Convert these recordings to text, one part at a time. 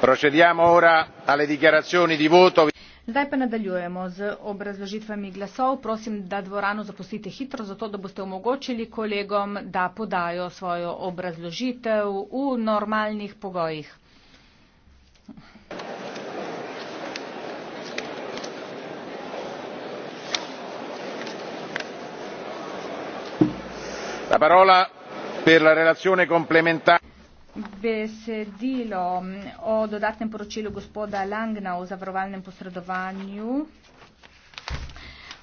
procediamo ora alle dichiarazioni di voto. zdaj pa nadaljujemo z obrazložitvami glasov prosim da dvorano zapustite hitro zato da boste omogočili kolegom da podajo svojo obrazložitev v normalnih pogojih besedilo mm, o dodatnem poročilu gospoda Langna o zavarovalnem posredovanju.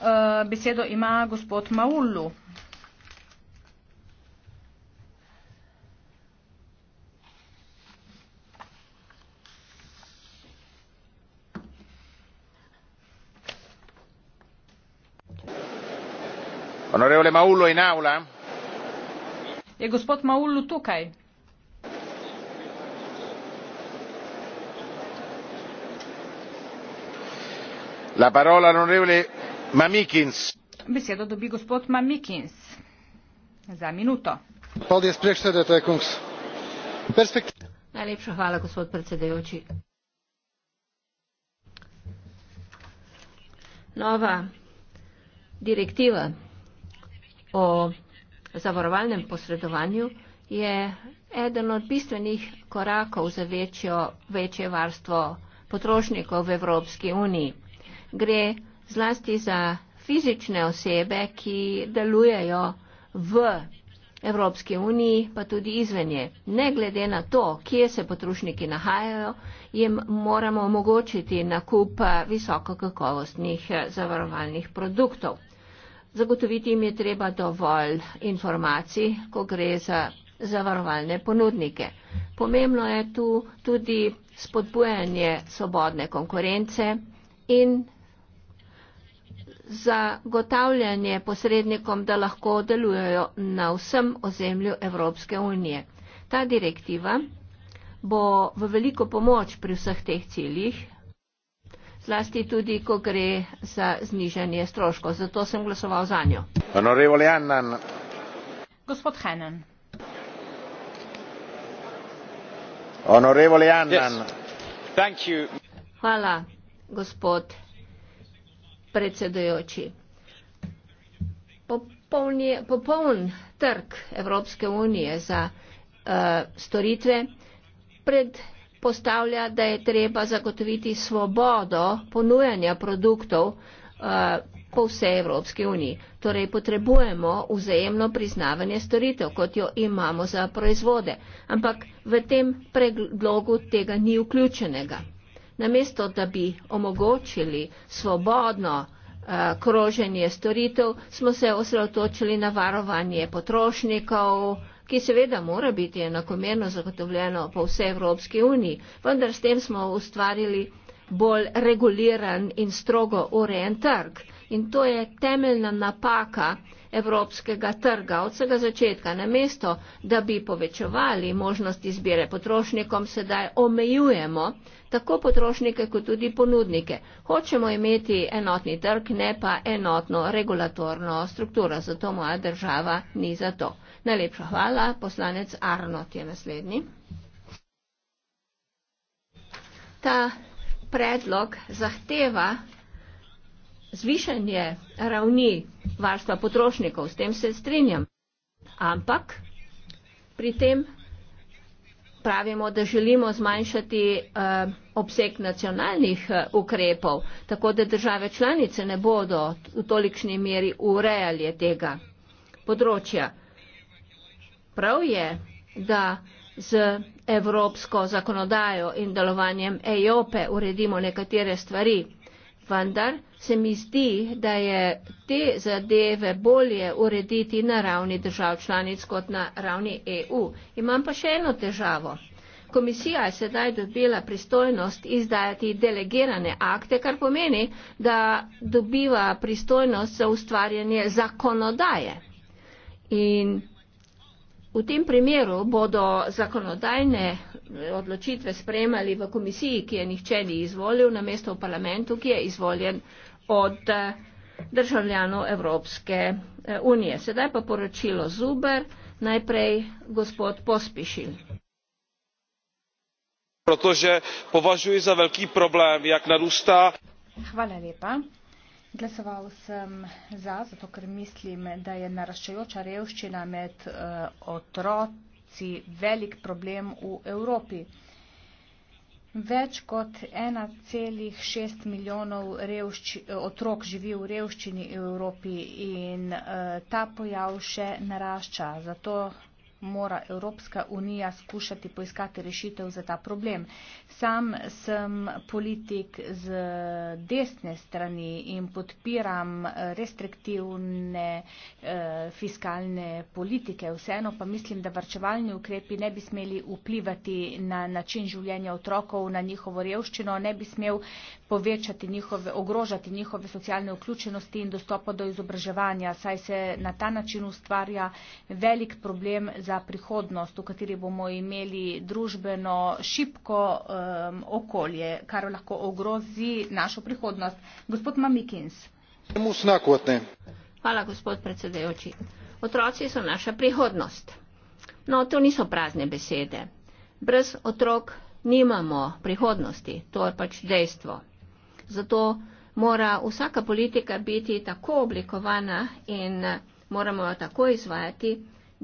Eh, besedo ima gospod Maullu. Onorevole Maullu in aula. Je gospod Maullu tukaj? besedo dobi gospod mamikins za minuto. najlepša hvala gospod predsedujoči. nova direktiva o zavarovalnem posredovanju je eden od bistvenih korakov za večjo, večje varstvo potrošnikov v Evropski uniji gre zlasti za fizične osebe, ki delujejo v Evropski uniji, pa tudi izvenje. Ne glede na to, kje se potrošniki nahajajo, jim moramo omogočiti nakup visokokakovostnih zavarovalnih produktov. Zagotoviti jim je treba dovolj informacij, ko gre za zavarovalne ponudnike. Pomembno je tu tudi spodbujanje svobodne konkurence in zagotavljanje posrednikom, da lahko delujejo na vsem ozemlju Evropske unije. Ta direktiva bo v veliko pomoč pri vseh teh ciljih, zlasti tudi, ko gre za znižanje stroškov. Zato sem glasoval za njo. Gospod Henen. Hvala, gospod predsedujoči. Popolni, popoln trg Evropske unije za uh, storitve predpostavlja, da je treba zagotoviti svobodo ponujanja produktov uh, po vsej Evropski uniji. Torej potrebujemo vzajemno priznavanje storitev, kot jo imamo za proizvode. Ampak v tem predlogu tega ni vključenega namesto da bi omogočili svobodno eh, kroženje storitev, smo se osredotočili na varovanje potrošnikov, ki seveda mora biti enakomerno zagotovljeno po vsej Evropski uniji, vendar s tem smo ustvarili bolj reguliran in strogo urejen trg in to je temeljna napaka evropskega trga od vsega začetka. Namesto, da bi povečevali možnost izbire potrošnikom, sedaj omejujemo tako potrošnike kot tudi ponudnike. Hočemo imeti enotni trg, ne pa enotno regulatorno strukturo, zato moja država ni za to. Najlepša hvala, poslanec Arnot je naslednji. Ta predlog zahteva zvišanje ravni varstva potrošnikov, s tem se strinjam. Ampak pri tem pravimo, da želimo zmanjšati eh, obseg nacionalnih eh, ukrepov, tako da države članice ne bodo v tolikšni meri urejali tega področja. Prav je, da z evropsko zakonodajo in delovanjem EJOPE uredimo nekatere stvari vendar se mi zdi, da je te zadeve bolje urediti na ravni držav članic kot na ravni EU. Imam pa še eno težavo. Komisija je sedaj dobila pristojnost izdajati delegirane akte, kar pomeni, da dobiva pristojnost za ustvarjanje zakonodaje. In v tem primeru bodo zakonodajne odločitve spremali v komisiji, ki je nihče ni izvolil, namesto v parlamentu, ki je izvoljen od eh, državljanov Evropske eh, unije. Sedaj pa poročilo Zuber, najprej gospod Pospišil. Protože považuji za veliki problém, jak narusta. Hvala lepa. Glasoval sem za, zato ker mislim, da je naraščajoča revščina med uh, eh, otroci korupciji velik problem v Evropi. Več kot 1,6 milijonov revšči, otrok živi v revščini Evropi in uh, ta pojav še narašča. Zato mora Evropska unija skušati poiskati rešitev za ta problem. Sam sem politik z desne strani in podpiram restriktivne eh, fiskalne politike. Vseeno pa mislim, da vrčevalni ukrepi ne bi smeli vplivati na način življenja otrokov, na njihovo revščino, ne bi smel povečati njihove, ogrožati njihove socialne vključenosti in dostopa do izobraževanja, saj se na ta način ustvarja velik problem za za prihodnost, v kateri bomo imeli družbeno šipko um, okolje, kar lahko ogrozi našo prihodnost. Gospod Mamikins. Hvala, gospod predsedajoči. Otroci so naša prihodnost. No, to niso prazne besede. Brez otrok nimamo prihodnosti, to je pač dejstvo. Zato mora vsaka politika biti tako oblikovana in moramo jo tako izvajati,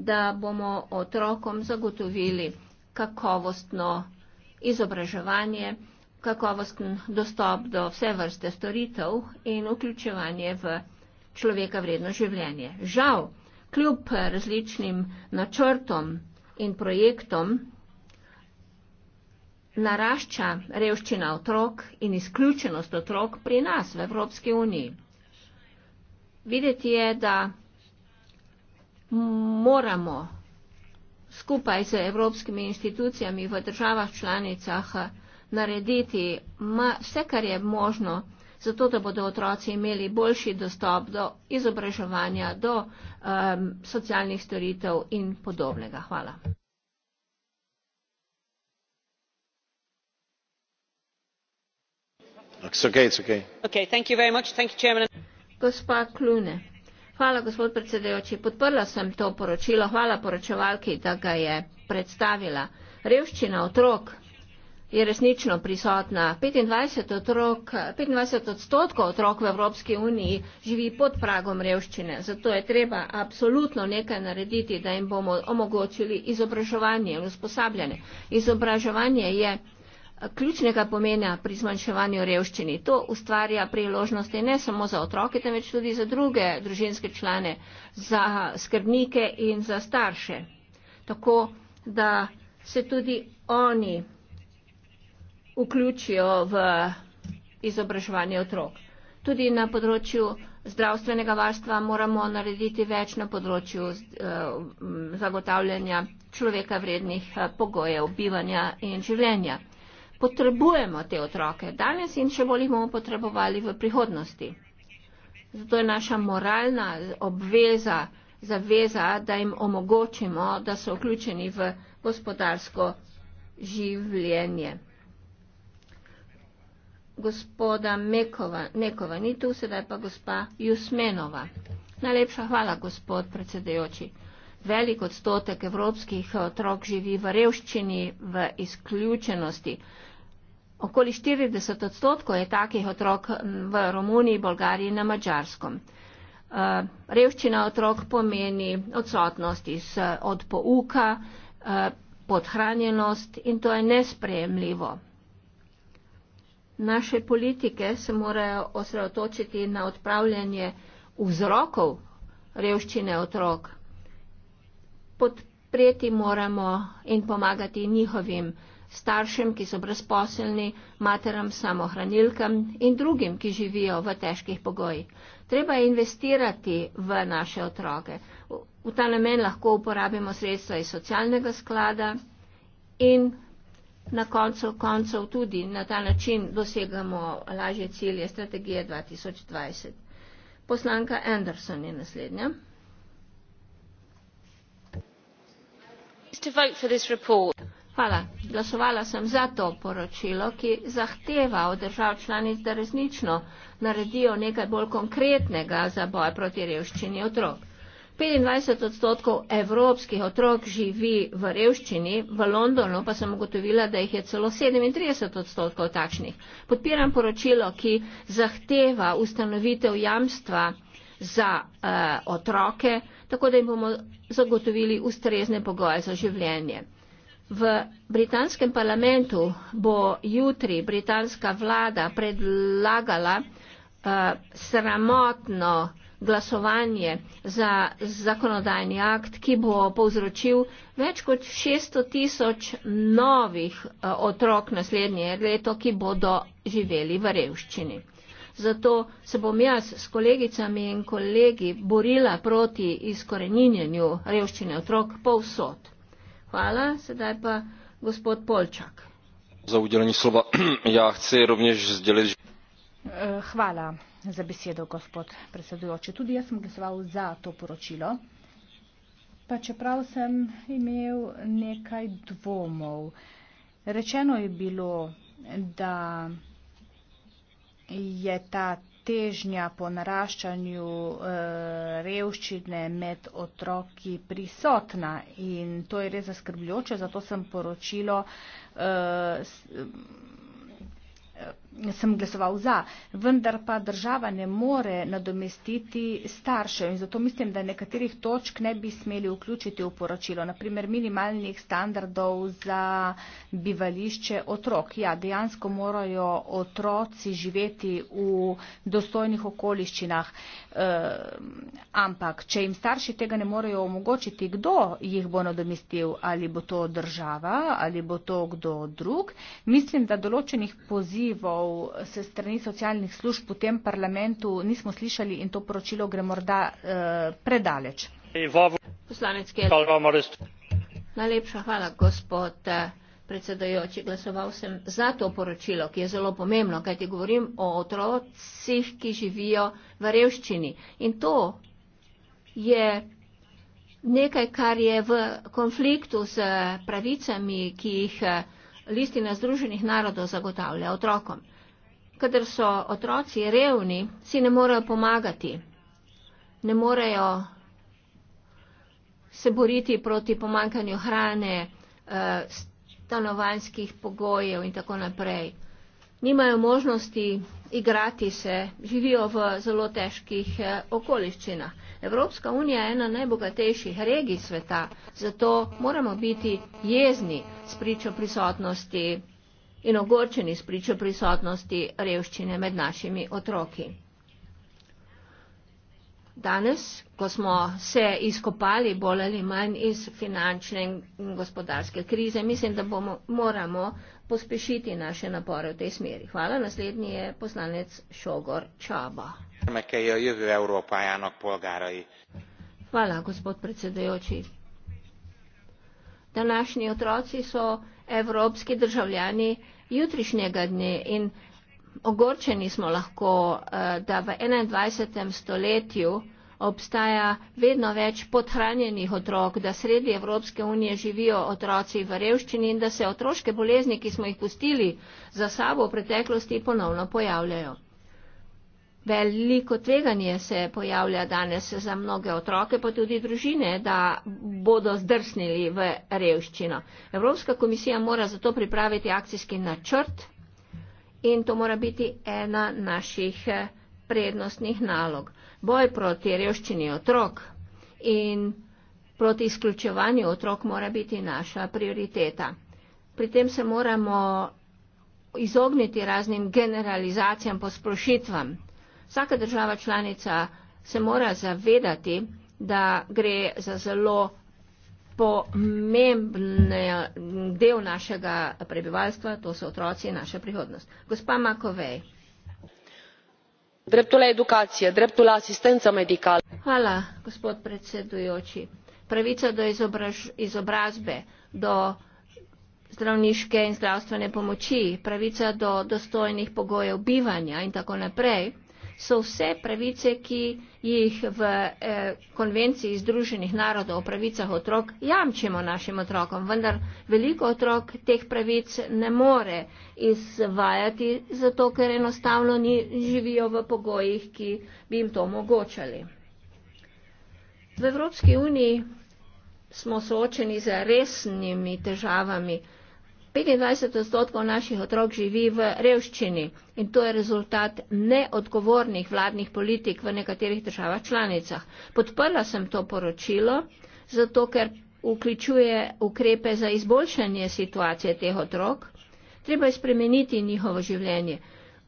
da bomo otrokom zagotovili kakovostno izobraževanje, kakovosten dostop do vse vrste storitev in vključevanje v človeka vredno življenje. Žal, kljub različnim načrtom in projektom, narašča revščina otrok in izključenost otrok pri nas v Evropski uniji. Videti je, da moramo skupaj z evropskimi institucijami v državah članicah eh, narediti vse, kar je možno, zato da bodo otroci imeli boljši dostop do izobraževanja, do um, socialnih storitev in podobnega. Hvala. Okay, okay. Okay, Gospa Klune. Hvala, gospod predsedujoči. Podprla sem to poročilo. Hvala poročevalki, da ga je predstavila. Revščina otrok je resnično prisotna. 25, otrok, 25 odstotkov otrok v Evropski uniji živi pod pragom revščine. Zato je treba absolutno nekaj narediti, da jim bomo omogočili izobraževanje in usposabljanje. Izobraževanje je ključnega pomena pri zmanjševanju revščini. To ustvarja priložnosti ne samo za otroke, temveč tudi za druge družinske člane, za skrbnike in za starše. Tako da se tudi oni vključijo v izobraževanje otrok. Tudi na področju zdravstvenega varstva moramo narediti več na področju eh, zagotavljanja človeka vrednih eh, pogojev bivanja in življenja potrebujemo te otroke danes in še bolj jih bomo potrebovali v prihodnosti. Zato je naša moralna obveza, zaveza, da jim omogočimo, da so vključeni v gospodarsko življenje. Gospoda Mekova, Nekova ni tu, sedaj pa gospa Jusmenova. Najlepša hvala, gospod predsedajoči. Velik odstotek evropskih otrok živi v revščini, v izključenosti. Okoli 40 odstotkov je takih otrok v Romuniji, Bolgariji in na Mačarskom. Eh, revščina otrok pomeni odsotnost iz, eh, od pouka, eh, podhranjenost in to je nesprejemljivo. Naše politike se morajo osredotočiti na odpravljanje vzrokov revščine otrok. Podpreti moramo in pomagati njihovim staršem, ki so brezposelni, materam, samohranilkam in drugim, ki živijo v težkih pogojih. Treba je investirati v naše otroke. V ta namen lahko uporabimo sredstva iz socialnega sklada in na koncu koncev tudi na ta način dosegamo lažje cilje strategije 2020. Poslanka Anderson je naslednja. To vote for this report. Hvala. Glasovala sem za to poročilo, ki zahteva od držav članic, da resnično naredijo nekaj bolj konkretnega za boj proti revščini otrok. 25 odstotkov evropskih otrok živi v revščini, v Londonu pa sem ugotovila, da jih je celo 37 odstotkov takšnih. Podpiram poročilo, ki zahteva ustanovitev jamstva za uh, otroke, tako da jim bomo zagotovili ustrezne pogoje za življenje. V britanskem parlamentu bo jutri britanska vlada predlagala uh, sramotno glasovanje za zakonodajni akt, ki bo povzročil več kot 600 tisoč novih uh, otrok naslednje leto, ki bodo živeli v revščini. Zato se bom jaz s kolegicami in kolegi borila proti izkoreninjenju revščine otrok povsod. Hvala, sedaj pa gospod Polčak. Za udelanje slova. Ja, chci rovnež zdeliti. Eh, hvala za besedo, gospod predsedujoči. Tudi jaz sem glasoval za to poročilo, pa čeprav sem imel nekaj dvomov. Rečeno je bilo, da je ta težnja po naraščanju eh, revščine med otroki prisotna in to je res zaskrbljujoče, zato sem poročilo eh, sem glasoval za, vendar pa država ne more nadomestiti staršev in zato mislim, da nekaterih točk ne bi smeli vključiti v poročilo, naprimer minimalnih standardov za bivališče otrok. Ja, dejansko morajo otroci živeti v dostojnih okoliščinah, e, ampak če jim starši tega ne morejo omogočiti, kdo jih bo nadomestil, ali bo to država, ali bo to kdo drug, mislim, da določenih pozivov pravzaprav se strani socialnih služb v tem parlamentu nismo slišali in to poročilo gre morda uh, predaleč. Poslanec Kjer. Najlepša hvala, gospod eh, predsedojoči. Glasoval sem za to poročilo, ki je zelo pomembno, kajti govorim o otrocih, ki živijo v revščini. In to je nekaj, kar je v konfliktu s pravicami, ki jih eh, listina Združenih narodov zagotavlja otrokom. Kadar so otroci revni, si ne morejo pomagati, ne morejo se boriti proti pomankanju hrane, eh, stanovanjskih pogojev in tako naprej. Nimajo možnosti igrati se, živijo v zelo težkih eh, okoliščinah. Evropska unija je ena najbogatejših regij sveta, zato moramo biti jezni s pričo prisotnosti in ogorčeni s pričo prisotnosti revščine med našimi otroki. Danes, ko smo se izkopali bolj ali manj iz finančne in gospodarske krize, mislim, da bomo, moramo pospešiti naše napore v tej smeri. Hvala. Naslednji je poslanec Šogor Čaba. Hvala, gospod predsedajoči. Današnji otroci so evropski državljani jutrišnjega dne in ogorčeni smo lahko, eh, da v 21. stoletju obstaja vedno več podhranjenih otrok, da sredi Evropske unije živijo otroci v revščini in da se otroške bolezni, ki smo jih pustili za sabo v preteklosti, ponovno pojavljajo. Veliko tveganje se pojavlja danes za mnoge otroke, pa tudi družine, da bodo zdrsnili v revščino. Evropska komisija mora zato pripraviti akcijski načrt in to mora biti ena naših eh, prednostnih nalog boj proti revščini otrok in proti izključevanju otrok mora biti naša prioriteta. Pri tem se moramo izogniti raznim generalizacijam, posprošitvam. Vsaka država članica se mora zavedati, da gre za zelo pomembne del našega prebivalstva, to so otroci in naša prihodnost. Gospa Makovej dreptul la educație dreptul la asistență medicală. hvala gospod predsedujoči pravica do izobrazbe do zdravniške in zdravstvene pomoči pravica do dostojnih pogojev bivanja in tako naprej so vse pravice, ki jih v eh, konvenciji Združenih narodov o pravicah otrok jamčimo našim otrokom, vendar veliko otrok teh pravic ne more izvajati, zato ker enostavno ni, živijo v pogojih, ki bi jim to omogočali. V Evropski uniji smo soočeni z resnimi težavami, 25 odstotkov naših otrok živi v revščini in to je rezultat neodgovornih vladnih politik v nekaterih državah članicah. Podprla sem to poročilo, zato ker vključuje ukrepe za izboljšanje situacije teh otrok. Treba je spremeniti njihovo življenje.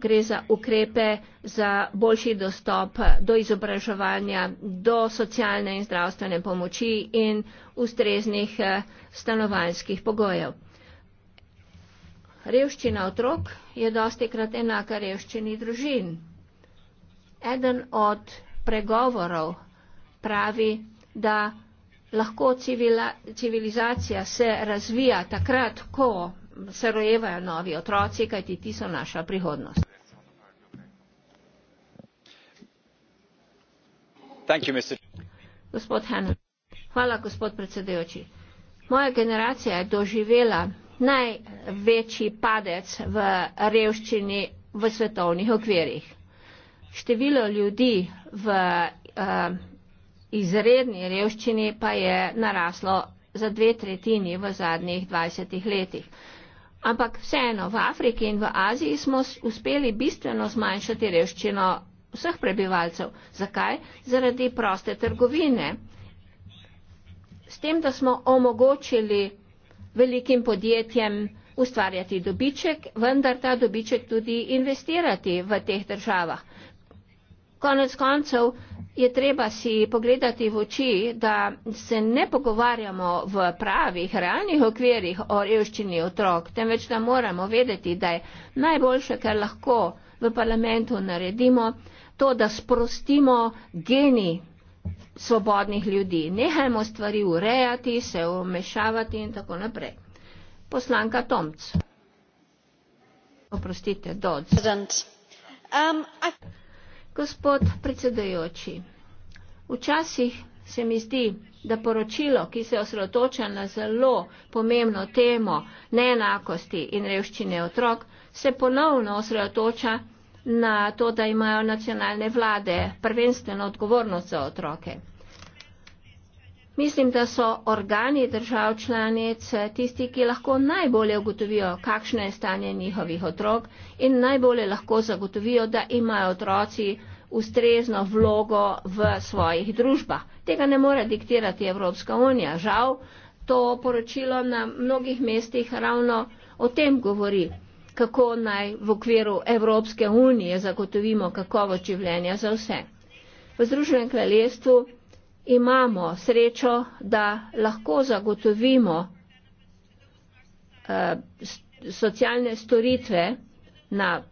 Gre za ukrepe za boljši dostop do izobraževanja, do socialne in zdravstvene pomoči in ustreznih eh, stanovanjskih pogojev. Revščina otrok je dosti krat enaka revščini družin. Eden od pregovorov pravi, da lahko civila, civilizacija se razvija takrat, ko se rojevajo novi otroci, kajti ti so naša prihodnost. You, gospod Hanna, hvala gospod predsedujoči. Moja generacija je doživela največji padec v revščini v svetovnih okvirih. Število ljudi v uh, izredni revščini pa je naraslo za dve tretjini v zadnjih 20 letih. Ampak vseeno v Afriki in v Aziji smo uspeli bistveno zmanjšati revščino vseh prebivalcev. Zakaj? Zaradi proste trgovine. S tem, da smo omogočili velikim podjetjem ustvarjati dobiček, vendar ta dobiček tudi investirati v teh državah. Konec koncev je treba si pogledati v oči, da se ne pogovarjamo v pravih, realnih okvirih o revščini otrok, temveč da moramo vedeti, da je najboljše, kar lahko v parlamentu naredimo, to, da sprostimo genij svobodnih ljudi. Nehajmo stvari urejati, se omešavati in tako naprej. Poslanka Tomc. Oprostite, Dodz. Um, I... Gospod predsedujoči, včasih se mi zdi, da poročilo, ki se osredotoča na zelo pomembno temo neenakosti in revščine otrok, se ponovno osredotoča na to, da imajo nacionalne vlade prvenstveno odgovornost za otroke. Mislim, da so organi držav članic tisti, ki lahko najbolje ugotovijo, kakšno je stanje njihovih otrok in najbolje lahko zagotovijo, da imajo otroci ustrezno vlogo v svojih družbah. Tega ne more diktirati Evropska unija. Žal, to poročilo na mnogih mestih ravno o tem govori, kako naj v okviru Evropske unije zagotovimo kakovo življenja za vse. V Združenem kraljestvu imamo srečo, da lahko zagotovimo eh, socialne storitve na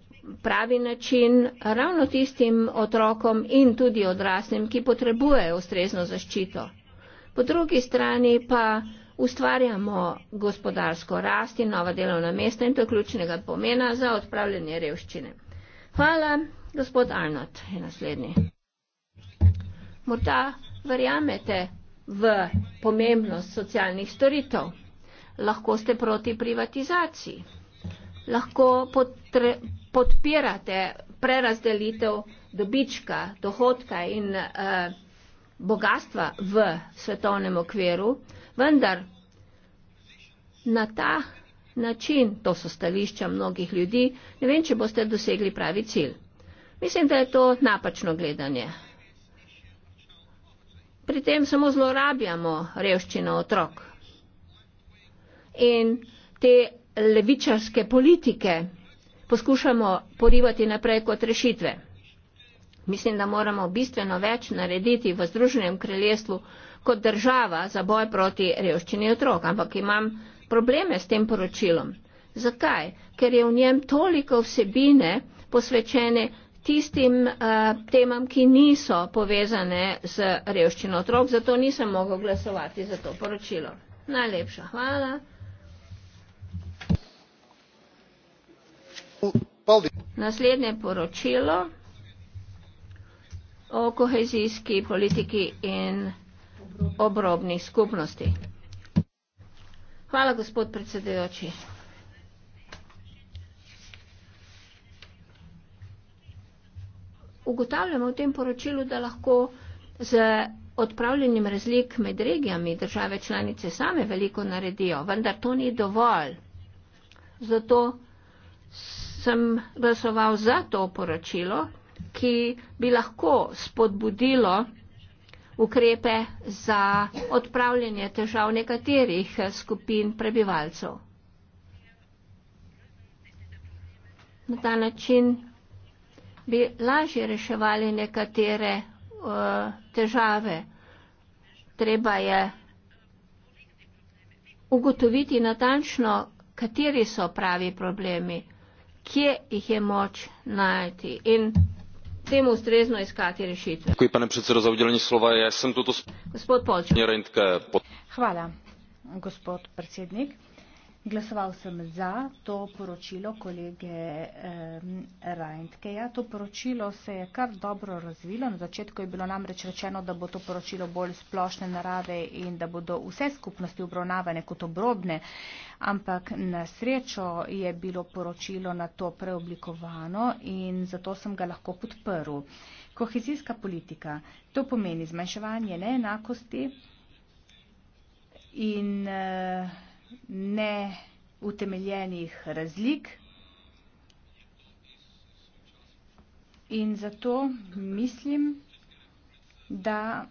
pravi način ravno tistim otrokom in tudi odraslim, ki potrebujejo ustrezno zaščito. Po drugi strani pa ustvarjamo gospodarsko rast in nova delovna mesta in to je ključnega pomena za odpravljanje revščine. Hvala, gospod Arnold je naslednji. Morda verjamete v pomembnost socialnih storitev. Lahko ste proti privatizaciji. Lahko potre, podpirate prerazdelitev dobička, dohodka in eh, bogatstva v svetovnem okviru, vendar na ta način, to so stališča mnogih ljudi, ne vem, če boste dosegli pravi cilj. Mislim, da je to napačno gledanje pri tem samo zlorabljamo revščino otrok. In te levičarske politike poskušamo porivati naprej kot rešitve. Mislim, da moramo bistveno več narediti v Združenem kraljestvu kot država za boj proti revščini otrok. Ampak imam probleme s tem poročilom. Zakaj? Ker je v njem toliko vsebine posvečene tistim uh, temam, ki niso povezane z revščino otrok, zato nisem mogel glasovati za to poročilo. Najlepša hvala. Naslednje poročilo o kohezijski politiki in obrobnih skupnosti. Hvala, gospod predsedujoči. ugotavljamo v tem poročilu, da lahko z odpravljenjem razlik med regijami države članice same veliko naredijo, vendar to ni dovolj. Zato sem glasoval za to poročilo, ki bi lahko spodbudilo ukrepe za odpravljanje težav nekaterih skupin prebivalcev. Na ta način bi lažje reševali nekatere uh, težave. Treba je ugotoviti natančno, kateri so pravi problemi, kje jih je moč najti in temu ustrezno iskati rešitve. Hvala, pane predsedo, za udeljenje slova. Gospod Polčko. Hvala, gospod predsednik. Glasoval sem za to poročilo kolege eh, Rajntkeja. To poročilo se je kar dobro razvilo. Na začetku je bilo namreč rečeno, da bo to poročilo bolj splošne narave in da bodo vse skupnosti obravnavane kot obrobne, ampak na srečo je bilo poročilo na to preoblikovano in zato sem ga lahko podprl. Kohezijska politika. To pomeni zmanjševanje neenakosti in. Eh, neutemeljenih razlik. In zato mislim, da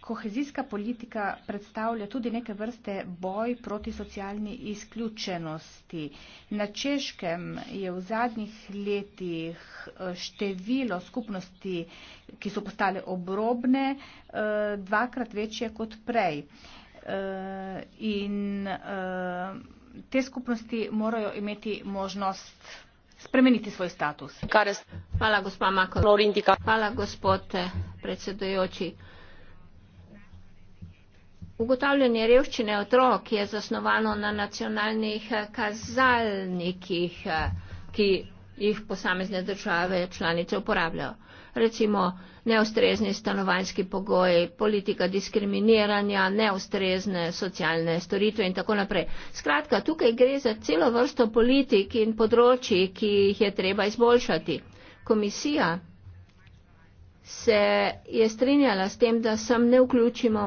kohezijska politika predstavlja tudi neke vrste boj proti socialni izključenosti. Na Češkem je v zadnjih letih eh, število skupnosti, ki so postale obrobne, eh, dvakrat večje kot prej uh, in uh, te skupnosti morajo imeti možnost spremeniti svoj status. Hvala, gospa Mako. Hvala, gospod eh, predsedujoči. Ugotavljanje revščine otrok je zasnovano na nacionalnih kazalnikih, ki jih posamezne države članice uporabljajo. Recimo neustrezni stanovanjski pogoji, politika diskriminiranja, neustrezne socialne storitve in tako naprej. Skratka, tukaj gre za celo vrsto politik in področji, ki jih je treba izboljšati. Komisija se je strinjala s tem, da sem ne vključimo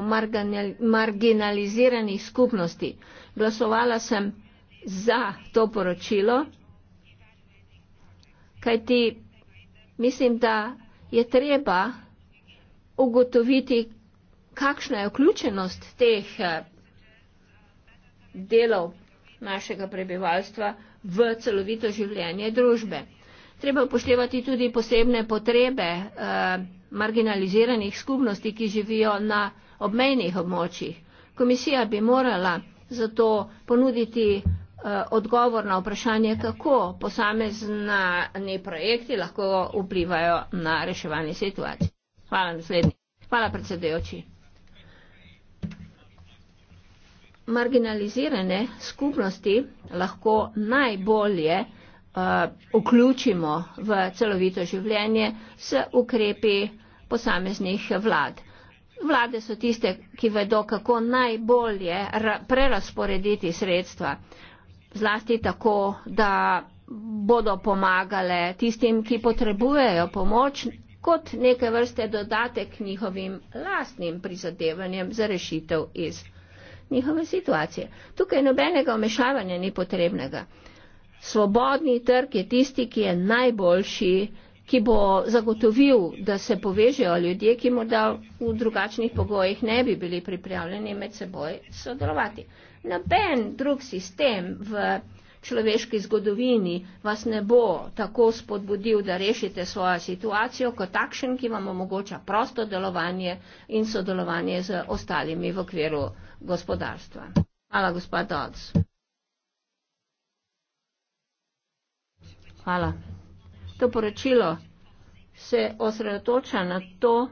marginaliziranih skupnosti. Glasovala sem za to poročilo kajti mislim, da je treba ugotoviti, kakšna je vključenost teh eh, delov našega prebivalstva v celovito življenje družbe. Treba upoštevati tudi posebne potrebe eh, marginaliziranih skupnosti, ki živijo na obmejnih območjih. Komisija bi morala zato ponuditi Eh, odgovor na vprašanje, kako posamezni projekti lahko vplivajo na reševanje situacij. Hvala, naslednji. Hvala, predsedujoči. Marginalizirane skupnosti lahko najbolje uh, vključimo v celovito življenje s ukrepi posameznih vlad. Vlade so tiste, ki vedo, kako najbolje prerasporediti sredstva zlasti tako, da bodo pomagale tistim, ki potrebujejo pomoč, kot neke vrste dodatek njihovim lastnim prizadevanjem za rešitev iz njihove situacije. Tukaj nobenega omešavanja ni potrebnega. Svobodni trg je tisti, ki je najboljši, ki bo zagotovil, da se povežejo ljudje, ki morda v drugačnih pogojih ne bi bili pripravljeni med seboj sodelovati noben drug sistem v človeški zgodovini vas ne bo tako spodbudil, da rešite svojo situacijo, kot takšen, ki vam omogoča prosto delovanje in sodelovanje z ostalimi v okviru gospodarstva. Hvala, gospod Dodds. Hvala. To poročilo se osredotoča na to,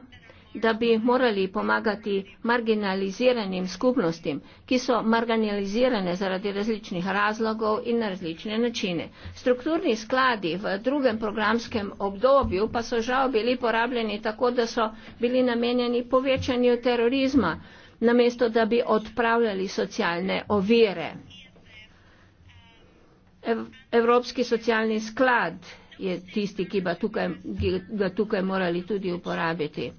da bi morali pomagati marginaliziranim skupnostim, ki so marginalizirane zaradi različnih razlogov in na različne načine. Strukturni skladi v drugem programskem obdobju pa so žal bili porabljeni tako, da so bili namenjeni povečanju terorizma, namesto da bi odpravljali socialne ovire. Evropski socialni sklad je tisti, ki bi ga tukaj morali tudi uporabiti.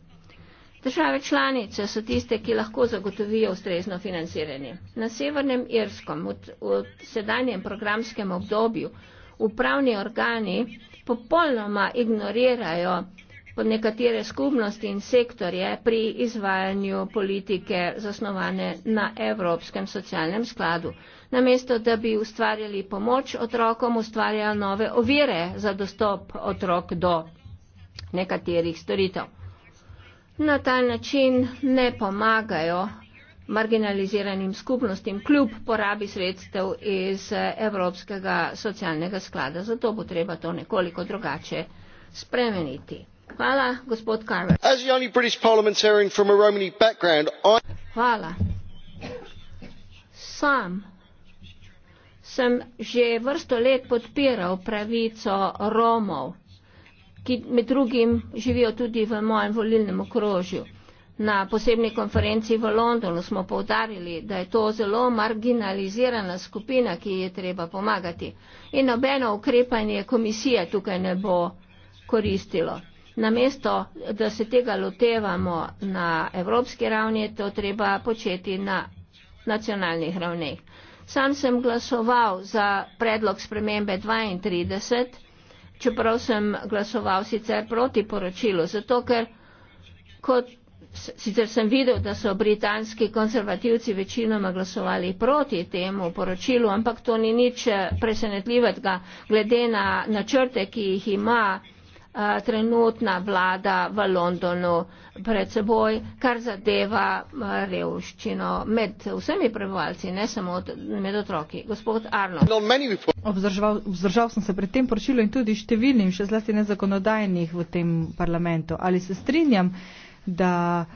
Države članice so tiste, ki lahko zagotovijo ustrezno financiranje. Na Severnem Irskem v, v sedanjem programskem obdobju upravni organi popolnoma ignorirajo nekatere skupnosti in sektorje pri izvajanju politike zasnovane na Evropskem socialnem skladu. Namesto, da bi ustvarjali pomoč otrokom, ustvarjajo nove ovire za dostop otrok do nekaterih storitev na ta način ne pomagajo marginaliziranim skupnostim kljub porabi sredstev iz eh, Evropskega socialnega sklada. Zato bo treba to nekoliko drugače spremeniti. Hvala, gospod Carver. Hvala. Sam sem že vrsto let podpiral pravico Romov ki med drugim živijo tudi v mojem volilnem okrožju. Na posebni konferenci v Londonu smo povdarili, da je to zelo marginalizirana skupina, ki je treba pomagati. In nobeno ukrepanje komisije tukaj ne bo koristilo. Namesto, da se tega lotevamo na evropski ravni, je to treba početi na nacionalnih ravneh. Sam sem glasoval za predlog spremembe 32 čeprav sem glasoval sicer proti poročilu, zato ker kot sicer sem videl, da so britanski konservativci večinoma glasovali proti temu poročilu, ampak to ni nič presenetljivega glede na načrte, ki jih ima. Eh, trenutna vlada v Londonu pred seboj, kar zadeva eh, revščino med vsemi prebivalci, ne samo med otroki. Gospod Arno. No, obzdržal, obzdržal sem se pred tem poročilo in tudi številnim, še zlasti nezakonodajnih v tem parlamentu. Ali se strinjam, da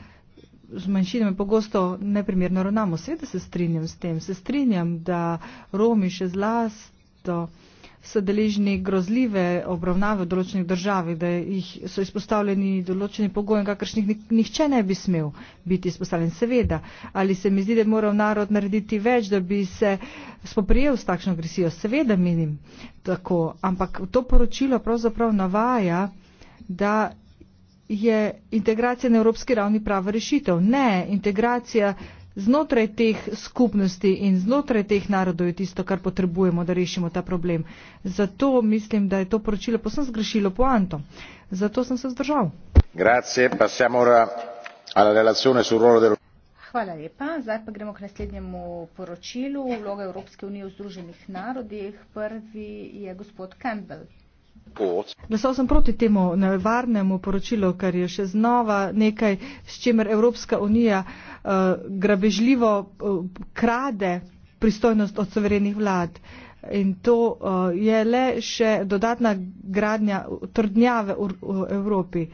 z manjšinami pogosto neprimerno ravnamo? Seveda se strinjam s tem. Se strinjam, da Romi še zlasti so deležni grozljive obravnave v določenih državah, da jih so izpostavljeni določenim pogojem, kakršnih nihče ne bi smel biti izpostavljen. Seveda, ali se mi zdi, da je moral narod narediti več, da bi se spoprijel s takšno agresijo? Seveda menim tako, ampak to poročilo pravzaprav navaja, da je integracija na evropski ravni prava rešitev. Ne, integracija znotraj teh skupnosti in znotraj teh narodov je tisto, kar potrebujemo, da rešimo ta problem. Zato mislim, da je to poročilo posem zgrešilo poanto. Zato sem se zdržal. Grazie, Hvala lepa. Zdaj pa gremo k naslednjemu poročilu. Vloga Evropske unije v Združenih narodih. Prvi je gospod Campbell pot. Glasal sem proti temu nevarnemu poročilu, ker je še znova nekaj, s čimer Evropska unija uh, grabežljivo uh, krade pristojnost od soverenih vlad. In to uh, je le še dodatna gradnja trdnjave v, v Evropi.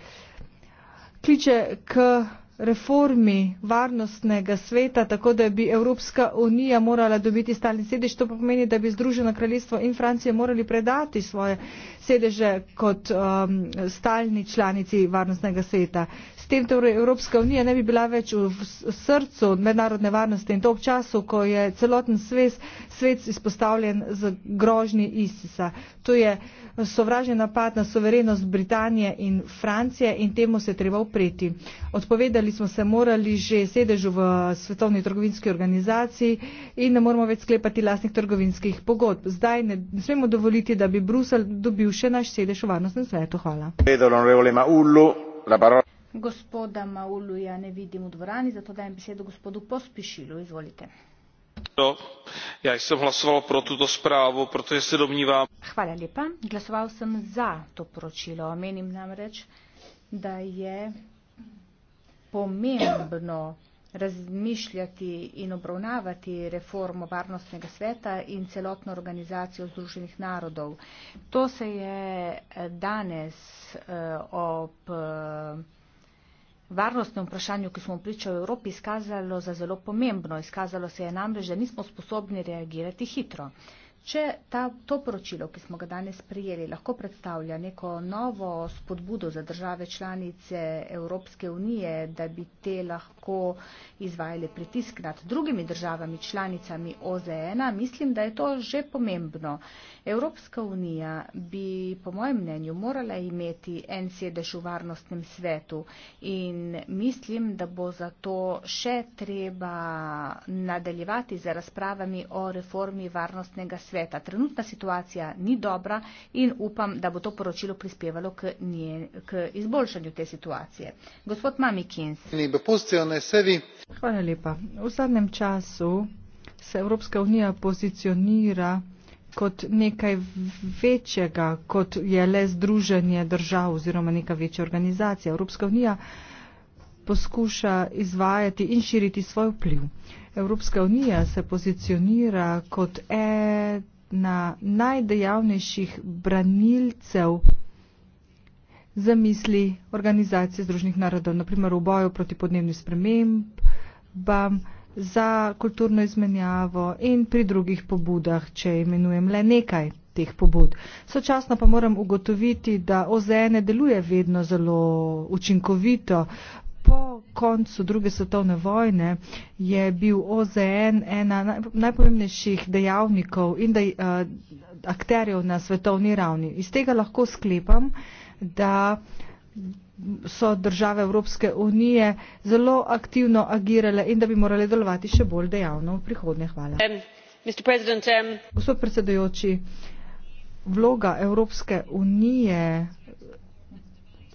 Kliče k reformi varnostnega sveta tako da bi evropska unija morala dobiti stalni sedež to pa pomeni da bi združeno kraljestvo in francija morali predati svoje sedeže kot um, stalni članici varnostnega sveta. S tem torej Evropska unija ne bi bila več v srcu mednarodne varnosti in to v času, ko je celoten svet, svet izpostavljen z grožnji ISIS-a. To je sovražen napad na soverenost Britanije in Francije in temu se treba upreti. Odpovedali smo se morali že sedežu v svetovni trgovinski organizaciji in ne moramo več sklepati lasnih trgovinskih pogodb. Zdaj ne, ne smemo dovoliti, da bi Brusel dobil še naš sedež v varnostnem svetu. Hvala. Vedo, Gospoda Mauluja ne vidim v dvorani, zato dajem besedo gospodu Pospišilu. Izvolite. No, ja, sem glasoval pro tuto spravo, proto je se domnívam. Hvala lepa. Glasoval sem za to poročilo. Menim namreč, da je pomembno razmišljati in obravnavati reformo varnostnega sveta in celotno organizacijo Združenih narodov. To se je eh, danes eh, ob eh, varnostnem vprašanju, ki smo priča v Evropi, izkazalo za zelo pomembno. Izkazalo se je namreč, da nismo sposobni reagirati hitro. Če ta, to poročilo, ki smo ga danes prijeli, lahko predstavlja neko novo spodbudo za države članice Evropske unije, da bi te lahko izvajale pritisk nad drugimi državami članicami OZN, mislim, da je to že pomembno. Evropska unija bi, po mojem mnenju, morala imeti en sedež v varnostnem svetu in mislim, da bo za to še treba nadaljevati za razpravami o reformi varnostnega sveta sveta. Trenutna situacija ni dobra in upam, da bo to poročilo prispevalo k, nje, k izboljšanju te situacije. Gospod Mami Kins. Hvala lepa. V zadnjem času se Evropska unija pozicionira kot nekaj večjega, kot je le združenje držav oziroma neka večja organizacija. Evropska unija poskuša izvajati in širiti svoj vpliv. Evropska unija se pozicionira kot ena najdejavnejših branilcev za misli organizacije Združenih narodov, naprimer v boju proti podnebnim spremembam, za kulturno izmenjavo in pri drugih pobudah, če imenujem le nekaj teh pobud. Sočasno pa moram ugotoviti, da OZN deluje vedno zelo učinkovito. Po koncu druge svetovne vojne je bil OZN ena najpomembnejših dejavnikov in dej, eh, akterjev na svetovni ravni. Iz tega lahko sklepam, da so države Evropske unije zelo aktivno agirale in da bi morali delovati še bolj dejavno v prihodnje. Hvala. Um, um... Gospod predsedujoči, vloga Evropske unije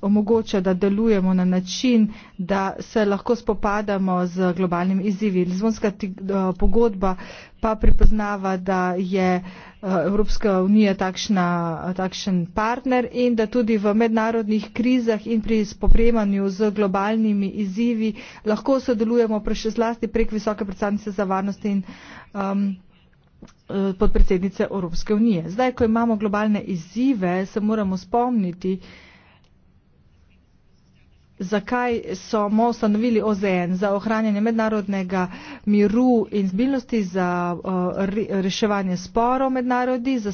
omogoča, da delujemo na način, da se lahko spopadamo z globalnimi izzivi. Lizbonska eh, pogodba pa pripoznava, da je eh, Evropska unija takšna, takšen partner in da tudi v mednarodnih krizah in pri spopremanju z globalnimi izzivi lahko sodelujemo še zlasti prek visoke predstavnice za varnost in. Um, eh, podpredsednice Evropske unije. Zdaj, ko imamo globalne izzive, se moramo spomniti, zakaj so MO ustanovili OZN za ohranjanje mednarodnega miru in zbilnosti, za uh, reševanje sporov mednarodi, za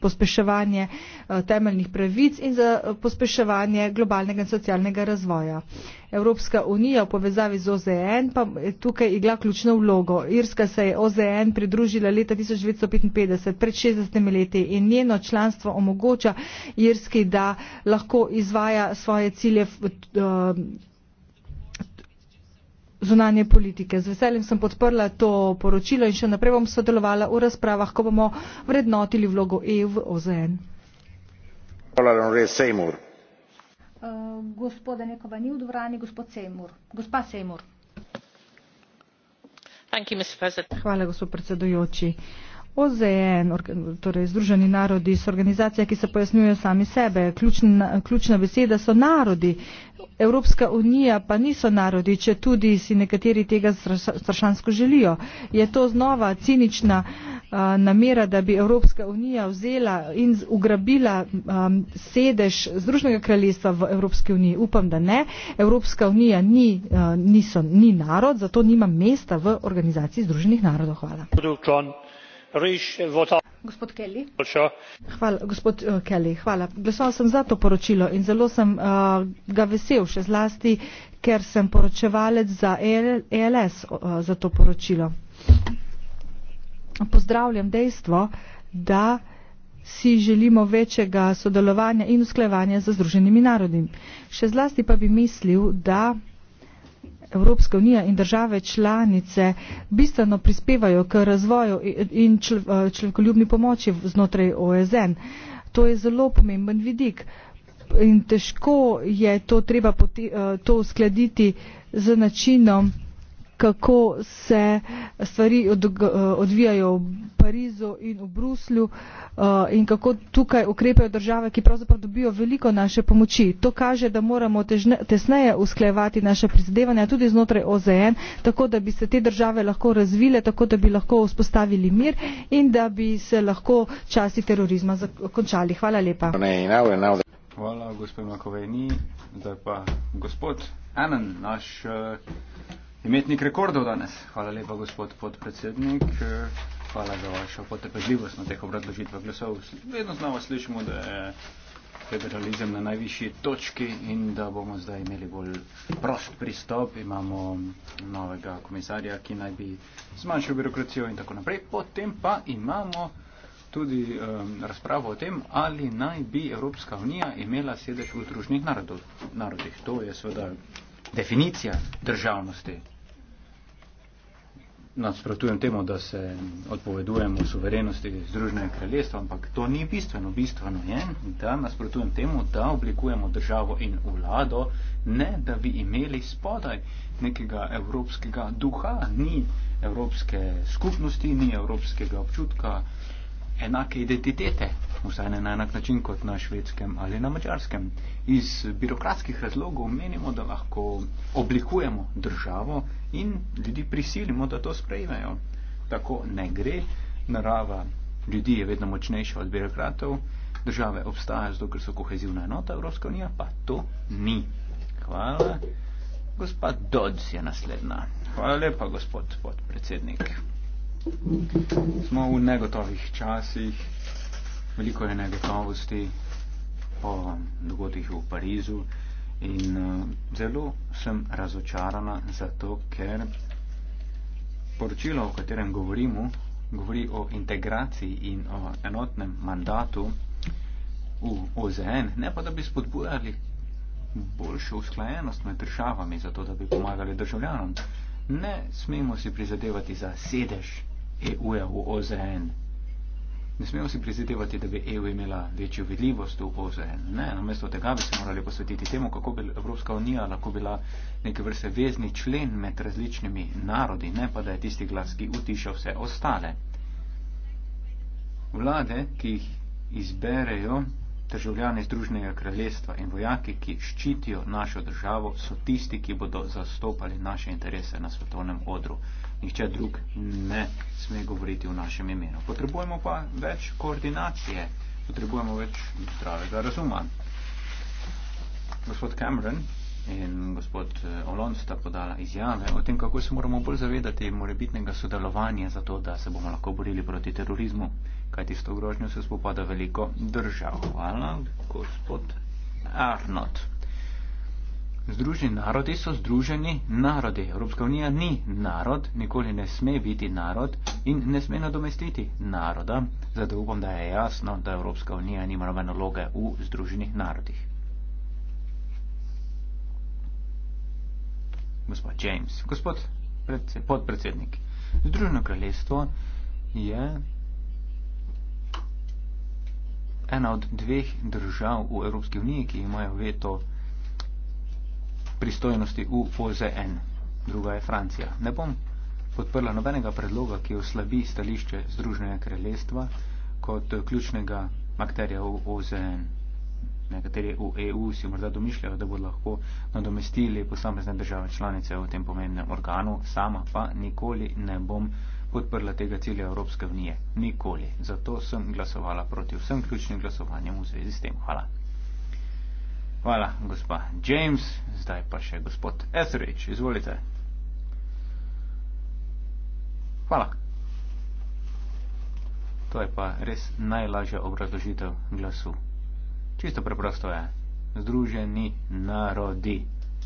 pospeševanje uh, temeljnih pravic in za uh, pospeševanje globalnega in socialnega razvoja. Evropska unija v povezavi z OZN pa je tukaj igla ključno vlogo. Irska se je OZN pridružila leta 1955, pred 60 leti in njeno članstvo omogoča Irski, da lahko izvaja svoje cilje Um, zunanje politike. Z veseljem sem podprla to poročilo in še naprej bom sodelovala v razpravah, ko bomo vrednotili vlogo EU v OZN. Hvala, Seymour. Uh, gospoda nekoga ni v dvorani, gospod Seymour. Gospa Seymour. Hvala, gospod predsedujoči. OZN, torej Združeni narodi, so organizacija, ki se pojasnjuje sami sebe. Ključna, ključna beseda so narodi. Evropska unija pa niso narodi, če tudi si nekateri tega strašansko želijo. Je to znova cinična a, namera, da bi Evropska unija vzela in ugrabila a, sedež Združnega kraljestva v Evropski uniji? Upam, da ne. Evropska unija ni, a, niso, ni narod, zato nima mesta v organizaciji Združenih narodov. Hvala. Hvala gospod eh, kelly hvala glasoval sem za to poročilo in zelo sem eh, ga vesel še zlasti ker sem poročevalec za als eh, za to poročilo. pozdravljam dejstvo da si želimo večjega sodelovanja in usklajevanja z združenimi narodi še zlasti pa bi mislil da Evropska unija in države članice bistveno prispevajo k razvoju in eh, človekoljubni pomoči znotraj OSN. E to je zelo pomemben vidik in težko je to treba eh, to uskladiti z načinom kako se stvari eh, odvijajo v Parizu in v Bruslju eh, in kako tukaj ukrepajo države, ki pravzaprav dobijo veliko naše pomoči. To kaže, da moramo težne, tesneje usklejevati naše prizadevanja tudi znotraj OZN, tako da bi se te države lahko razvile, tako da bi lahko vzpostavili mir in da bi se lahko časi terorizma končali. Hvala lepa. Hvala, gospod Makoveni. Zdaj pa gospod Anan, naš. Uh, imetnik rekordov danes. Hvala lepa, gospod podpredsednik. Hvala za vašo potrpežljivost na teh obrazložitvah glasov. Vedno znova slišimo, da je federalizem na najvišji točki in da bomo zdaj imeli bolj prost pristop. Imamo novega komisarja, ki naj bi zmanjšal birokracijo in tako naprej. Potem pa imamo tudi um, razpravo o tem, ali naj bi Evropska unija imela sedež v družnih narodov, narodih. To je seveda definicija državnosti nasprotujem temu, da se odpovedujemo suverenosti Združenega kraljestva, ampak to ni bistveno. Bistveno je, da nasprotujem temu, da oblikujemo državo in vlado, ne da bi imeli spodaj nekega evropskega duha, ni evropske skupnosti, ni evropskega občutka enake identitete, vsaj ne na enak način kot na švedskem ali na mačarskem. Iz birokratskih razlogov menimo, da lahko oblikujemo državo in ljudi prisilimo, da to sprejmejo. Tako ne gre, narava ljudi je vedno močnejša od birokratov, države obstajajo zato, ker so kohezivna enota Evropska unija, pa to ni. Hvala. Gospod Dodds je naslednja. Hvala lepa, gospod podpredsednik. Smo v negotovih časih, veliko je negotovosti po dogodkih v Parizu in eh, zelo sem razočarana zato, ker poročilo, o katerem govorimo, govori o integraciji in o enotnem mandatu v OZN, ne pa da bi spodbujali boljšo usklajenost med državami, zato da bi pomagali državljanom. Ne smemo si prizadevati za sedež EU-jevu OZN. Ne smemo si prizadevati, da bi EU imela večjo vidljivost v OZN. Ne, namesto tega bi se morali posvetiti temu, kako bi Evropska unija lahko bila neke vrste vezni člen med različnimi narodi, ne pa da je tisti glas, ki utiša vse ostale. Vlade, ki jih izberejo državljani Združenega kraljestva in vojaki, ki ščitijo našo državo, so tisti, ki bodo zastopali naše interese na svetovnem odru nihče drug ne sme govoriti v našem imenu. Potrebujemo pa več koordinacije, potrebujemo več zdravega razuma. Gospod Cameron in gospod eh, Olon sta podala izjave o tem, kako se moramo bolj zavedati morebitnega sodelovanja za to, da se bomo lahko borili proti terorizmu, kajti s to grožnjo se spopada veliko držav. Hvala, gospod Arnold. Združeni narodi so združeni narodi. Evropska unija ni narod, nikoli ne sme biti narod in ne sme nadomestiti naroda. Zato upam, da je jasno, da Evropska unija nima nobene loge v združenih narodih. Gospod James, gospod predse, podpredsednik, Združeno kraljestvo je ena od dveh držav v Evropski uniji, ki imajo veto pristojnosti v OZN. Druga je Francija. Ne bom podprla nobenega predloga, ki oslabi stališče Združenega kraljestva kot ključnega akterja v OZN. Nekateri v EU si morda domišljajo, da bodo lahko nadomestili posamezne države članice v tem pomembnem organu, sama pa nikoli ne bom podprla tega cilja Evropske unije. Nikoli. Zato sem glasovala proti vsem ključnim glasovanjem v zvezi s tem. Hvala. Hvala, gospa James. Zdaj pa še gospod Etheridge. Izvolite. Hvala. To je pa res najlažja obrazložitev glasu. Čisto preprosto je. Združeni narodi.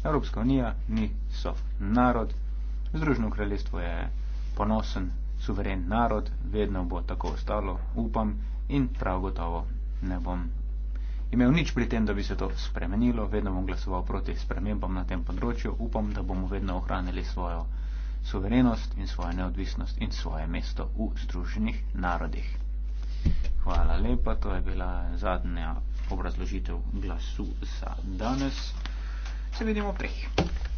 Evropska unija ni sov narod. Združeno kraljestvo je ponosen, suveren narod. Vedno bo tako ostalo, upam, in prav gotovo ne bom imel nič pri tem, da bi se to spremenilo, vedno bom glasoval proti spremembam na tem področju, upam, da bomo vedno ohranili svojo suverenost in svojo neodvisnost in svoje mesto v Združenih narodih. Hvala lepa, to je bila zadnja obrazložitev glasu za danes. Se vidimo prej.